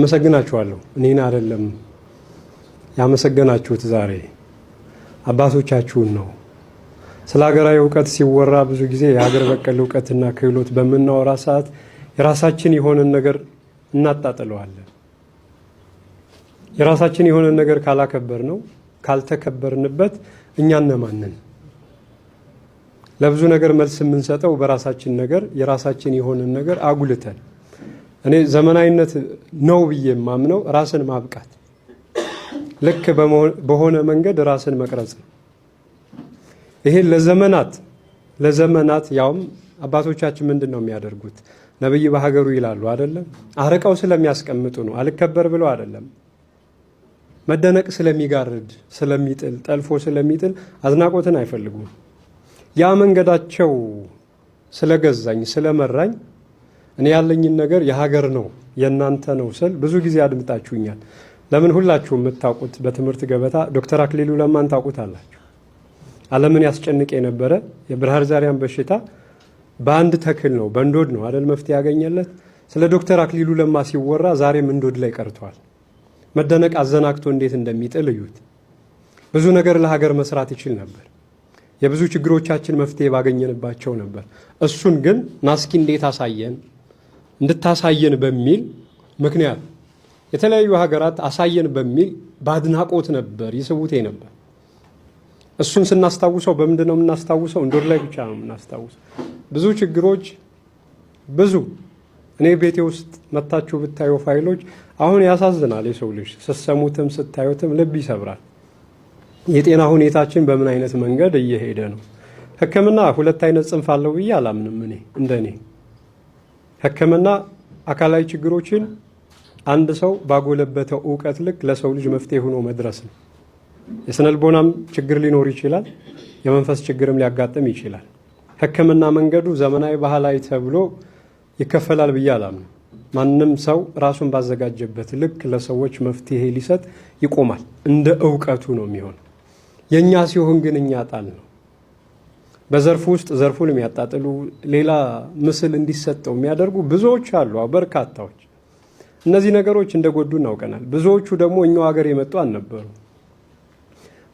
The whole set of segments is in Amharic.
አመሰግናችኋለሁ። እኔን አይደለም ያመሰገናችሁት ዛሬ አባቶቻችሁን ነው። ስለ ሀገራዊ እውቀት ሲወራ ብዙ ጊዜ የሀገር በቀል እውቀትና ክህሎት በምናወራ ሰዓት የራሳችን የሆነን ነገር እናጣጥለዋለን። የራሳችን የሆነን ነገር ካላከበር ነው ካልተከበርንበት እኛ እነማንን ለብዙ ነገር መልስ የምንሰጠው በራሳችን ነገር የራሳችን የሆነን ነገር አጉልተን እኔ ዘመናዊነት ነው ብዬ የማምነው ራስን ማብቃት ልክ በሆነ መንገድ ራስን መቅረጽ ነው። ይሄ ለዘመናት ለዘመናት ያውም አባቶቻችን ምንድን ነው የሚያደርጉት? ነብይ በሀገሩ ይላሉ አይደለም። አርቀው ስለሚያስቀምጡ ነው። አልከበር ብለው አይደለም። መደነቅ ስለሚጋርድ ስለሚጥል፣ ጠልፎ ስለሚጥል አድናቆትን አይፈልጉም። ያ መንገዳቸው ስለገዛኝ ስለመራኝ እኔ ያለኝን ነገር የሀገር ነው የእናንተ ነው ስል ብዙ ጊዜ አድምጣችሁኛል። ለምን ሁላችሁ የምታውቁት በትምህርት ገበታ ዶክተር አክሊሉ ለማን ታውቁት አላችሁ። ዓለምን ያስጨንቅ የነበረ የብርሃር ዛሪያን በሽታ በአንድ ተክል ነው በእንዶድ ነው አደል መፍትሄ ያገኘለት። ስለ ዶክተር አክሊሉ ለማ ሲወራ ዛሬም እንዶድ ላይ ቀርቷል። መደነቅ አዘናግቶ እንዴት እንደሚጥል እዩት። ብዙ ነገር ለሀገር መስራት ይችል ነበር። የብዙ ችግሮቻችን መፍትሄ ባገኘንባቸው ነበር። እሱን ግን ናስኪ እንዴት አሳየን እንድታሳየን በሚል ምክንያት የተለያዩ ሀገራት አሳየን በሚል በአድናቆት ነበር ይስቡቴ ነበር። እሱን ስናስታውሰው በምንድን ነው የምናስታውሰው? እንዶር ላይ ብቻ ነው የምናስታውሰው። ብዙ ችግሮች ብዙ እኔ ቤቴ ውስጥ መታችሁ ብታዩ ፋይሎች አሁን ያሳዝናል። የሰው ልጅ ስትሰሙትም ስታዩትም ልብ ይሰብራል። የጤና ሁኔታችን በምን አይነት መንገድ እየሄደ ነው? ሕክምና ሁለት አይነት ጽንፍ አለው ብዬ አላምንም እኔ እንደኔ? ህክምና አካላዊ ችግሮችን አንድ ሰው ባጎለበተው እውቀት ልክ ለሰው ልጅ መፍትሄ ሆኖ መድረስ ነው። የስነልቦናም ችግር ሊኖር ይችላል። የመንፈስ ችግርም ሊያጋጥም ይችላል። ህክምና መንገዱ ዘመናዊ፣ ባህላዊ ተብሎ ይከፈላል ብዬ አላምነ። ማንም ሰው ራሱን ባዘጋጀበት ልክ ለሰዎች መፍትሄ ሊሰጥ ይቆማል። እንደ እውቀቱ ነው የሚሆነው። የእኛ ሲሆን ግን እኛ ጣል ነው። በዘርፉ ውስጥ ዘርፉን የሚያጣጥሉ ሌላ ምስል እንዲሰጠው የሚያደርጉ ብዙዎች አሉ፣ በርካታዎች። እነዚህ ነገሮች እንደጎዱ እናውቀናል። ብዙዎቹ ደግሞ እኛው ሀገር የመጡ አልነበሩ።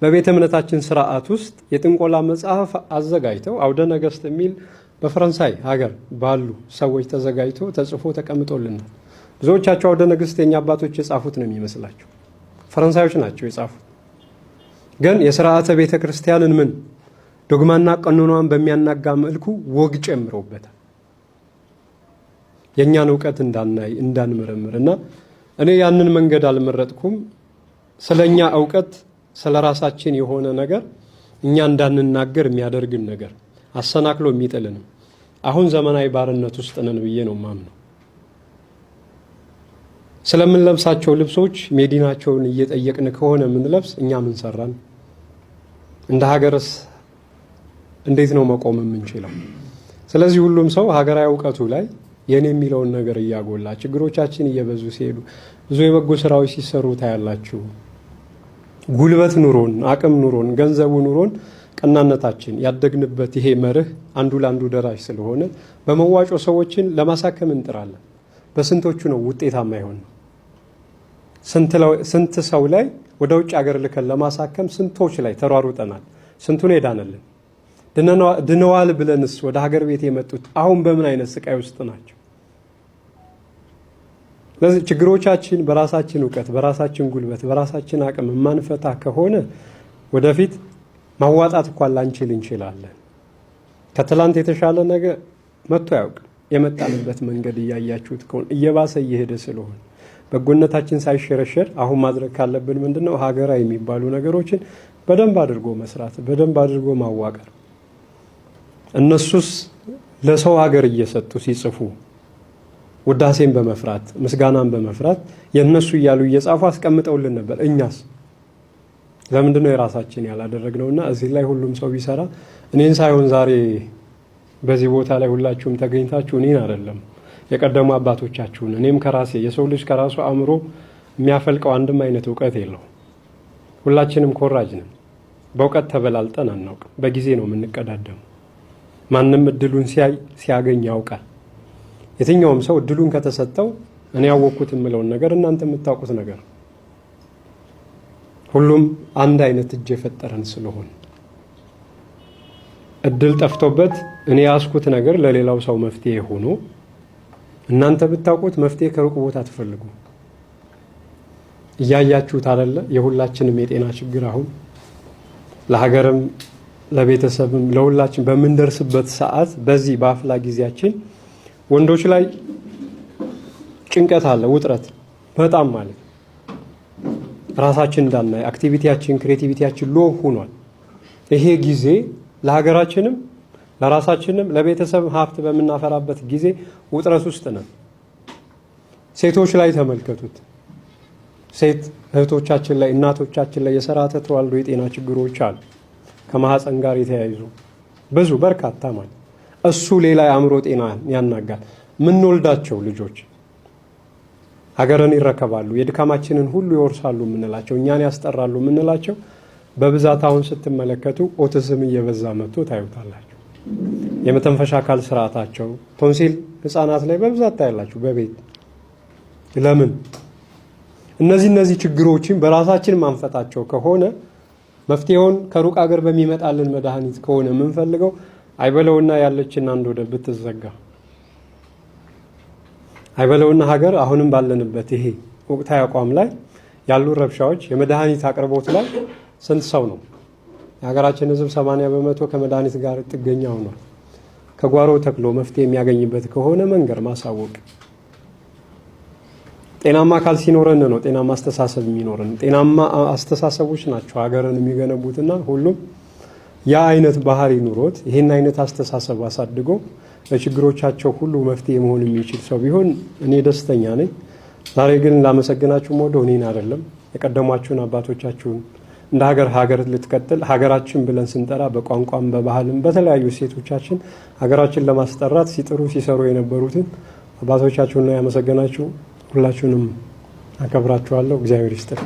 በቤተ እምነታችን ስርዓት ውስጥ የጥንቆላ መጽሐፍ አዘጋጅተው አውደ ነገስት የሚል በፈረንሳይ ሀገር ባሉ ሰዎች ተዘጋጅቶ ተጽፎ ተቀምጦልናል። ብዙዎቻቸው አውደ ነገስት የእኛ አባቶች የጻፉት ነው የሚመስላቸው። ፈረንሳዮች ናቸው የጻፉት። ግን የስርዓተ ቤተ ክርስቲያንን ምን ዶግማና ቀኖኗን በሚያናጋ መልኩ ወግ ጨምሮበታል። የእኛን እውቀት እንዳናይ እንዳንመረምር እና እኔ ያንን መንገድ አልመረጥኩም። ስለ እኛ እውቀት ስለ ራሳችን የሆነ ነገር እኛ እንዳንናገር የሚያደርግን ነገር አሰናክሎ የሚጥልንም አሁን ዘመናዊ ባርነት ውስጥ ነን ብዬ ነው ማምነው። ስለምንለብሳቸው ልብሶች ሜዲናቸውን እየጠየቅን ከሆነ የምንለብስ እኛ ምን ሰራን እንደ ሀገርስ እንዴት ነው መቆም የምንችለው? ስለዚህ ሁሉም ሰው ሀገራዊ እውቀቱ ላይ የኔ የሚለውን ነገር እያጎላ ችግሮቻችን እየበዙ ሲሄዱ ብዙ የበጎ ስራዎች ሲሰሩ ታያላችሁ። ጉልበት ኑሮን፣ አቅም ኑሮን፣ ገንዘቡ ኑሮን ቀናነታችን ያደግንበት ይሄ መርህ አንዱ ለአንዱ ደራሽ ስለሆነ በመዋጮ ሰዎችን ለማሳከም እንጥራለን። በስንቶቹ ነው ውጤታማ ይሆን? ስንት ሰው ላይ ወደ ውጭ ሀገር ልከን ለማሳከም ስንቶች ላይ ተሯሩጠናል? ስንቱን ሄዳንልን? ድነዋል ብለንስ ወደ ሀገር ቤት የመጡት አሁን በምን አይነት ስቃይ ውስጥ ናቸው? ስለዚህ ችግሮቻችን በራሳችን እውቀት፣ በራሳችን ጉልበት፣ በራሳችን አቅም የማንፈታ ከሆነ ወደፊት ማዋጣት እንኳን ላንችል እንችላለን። ከትላንት የተሻለ ነገ መጥቶ አያውቅም። የመጣንበት መንገድ እያያችሁት ከሆነ እየባሰ እየሄደ ስለሆነ በጎነታችን ሳይሸረሸር አሁን ማድረግ ካለብን ምንድን ነው ሀገራዊ የሚባሉ ነገሮችን በደንብ አድርጎ መስራት፣ በደንብ አድርጎ ማዋቀር እነሱስ ለሰው ሀገር እየሰጡ ሲጽፉ ውዳሴን በመፍራት ምስጋናን በመፍራት የእነሱ እያሉ እየጻፉ አስቀምጠውልን ነበር። እኛስ ለምንድን ነው የራሳችን ያላደረግነው? እና እዚህ ላይ ሁሉም ሰው ቢሰራ እኔን ሳይሆን ዛሬ በዚህ ቦታ ላይ ሁላችሁም ተገኝታችሁ እኔን አይደለም የቀደሙ አባቶቻችሁን እኔም ከራሴ የሰው ልጅ ከራሱ አእምሮ የሚያፈልቀው አንድም አይነት እውቀት የለው። ሁላችንም ኮራጅ ነን። በእውቀት ተበላልጠን አናውቅም። በጊዜ ነው የምንቀዳደመው። ማንም እድሉን ሲያይ ሲያገኝ ያውቃል። የትኛውም ሰው እድሉን ከተሰጠው እኔ ያወቅኩት የምለውን ነገር እናንተ የምታውቁት ነገር ሁሉም አንድ አይነት እጅ የፈጠረን ስለሆን እድል ጠፍቶበት እኔ ያስኩት ነገር ለሌላው ሰው መፍትሄ ሆኖ እናንተ ብታውቁት መፍትሄ ከሩቅ ቦታ አትፈልጉ። እያያችሁት አደለ? የሁላችንም የጤና ችግር አሁን ለሀገርም ለቤተሰብም ለሁላችን በምንደርስበት ሰዓት በዚህ በአፍላ ጊዜያችን ወንዶች ላይ ጭንቀት አለ፣ ውጥረት በጣም ማለት ራሳችን እንዳናይ አክቲቪቲያችን፣ ክሬቲቪቲያችን ሎ ሆኗል። ይሄ ጊዜ ለሀገራችንም ለራሳችንም ለቤተሰብ ሀብት በምናፈራበት ጊዜ ውጥረት ውስጥ ነን። ሴቶች ላይ ተመልከቱት። ሴት እህቶቻችን ላይ እናቶቻችን ላይ የስርዓተ ተዋልዶ የጤና ችግሮች አሉ። ከማህፀን ጋር የተያይዙ ብዙ በርካታ ማለት እሱ ሌላ የአእምሮ ጤና ያናጋል። ምንወልዳቸው ልጆች ሀገርን ይረከባሉ፣ የድካማችንን ሁሉ ይወርሳሉ የምንላቸው እኛን ያስጠራሉ የምንላቸው በብዛት አሁን ስትመለከቱ ኦቲዝም እየበዛ መጥቶ ታዩታላችሁ። የመተንፈሻ አካል ስርዓታቸው ቶንሲል ህጻናት ላይ በብዛት ታያላችሁ በቤት ለምን እነዚህ እነዚህ ችግሮችን በራሳችን ማንፈታቸው ከሆነ መፍትሄውን ከሩቅ አገር በሚመጣልን መድኃኒት ከሆነ የምንፈልገው አይበለውና ያለችን አንድ ወደብ ብትዘጋ አይበለውና ሀገር አሁንም ባለንበት ይሄ ወቅታዊ አቋም ላይ ያሉ ረብሻዎች የመድኃኒት አቅርቦት ላይ ስንት ሰው ነው? የሀገራችን ህዝብ 80 በመቶ ከመድኃኒት ጋር ጥገኛ ሆኗል። ከጓሮ ተክሎ መፍትሄ የሚያገኝበት ከሆነ መንገር ማሳወቅ ጤናማ አካል ሲኖረን ነው ጤናማ አስተሳሰብ የሚኖረን። ጤናማ አስተሳሰቦች ናቸው ሀገርን የሚገነቡትና ሁሉም ያ አይነት ባህሪ ኑሮት ይህን አይነት አስተሳሰብ አሳድጎ ለችግሮቻቸው ሁሉ መፍትሄ መሆን የሚችል ሰው ቢሆን እኔ ደስተኛ ነኝ። ዛሬ ግን ላመሰግናችሁ ወደ እኔን አይደለም የቀደሟችሁን አባቶቻችሁን እንደ ሀገር ሀገር ልትቀጥል ሀገራችን ብለን ስንጠራ በቋንቋም በባህልም በተለያዩ ሴቶቻችን ሀገራችን ለማስጠራት ሲጥሩ ሲሰሩ የነበሩትን አባቶቻችሁን ነው ያመሰገናችሁ። ሁላችሁንም አከብራችኋለሁ። እግዚአብሔር ይስጥር።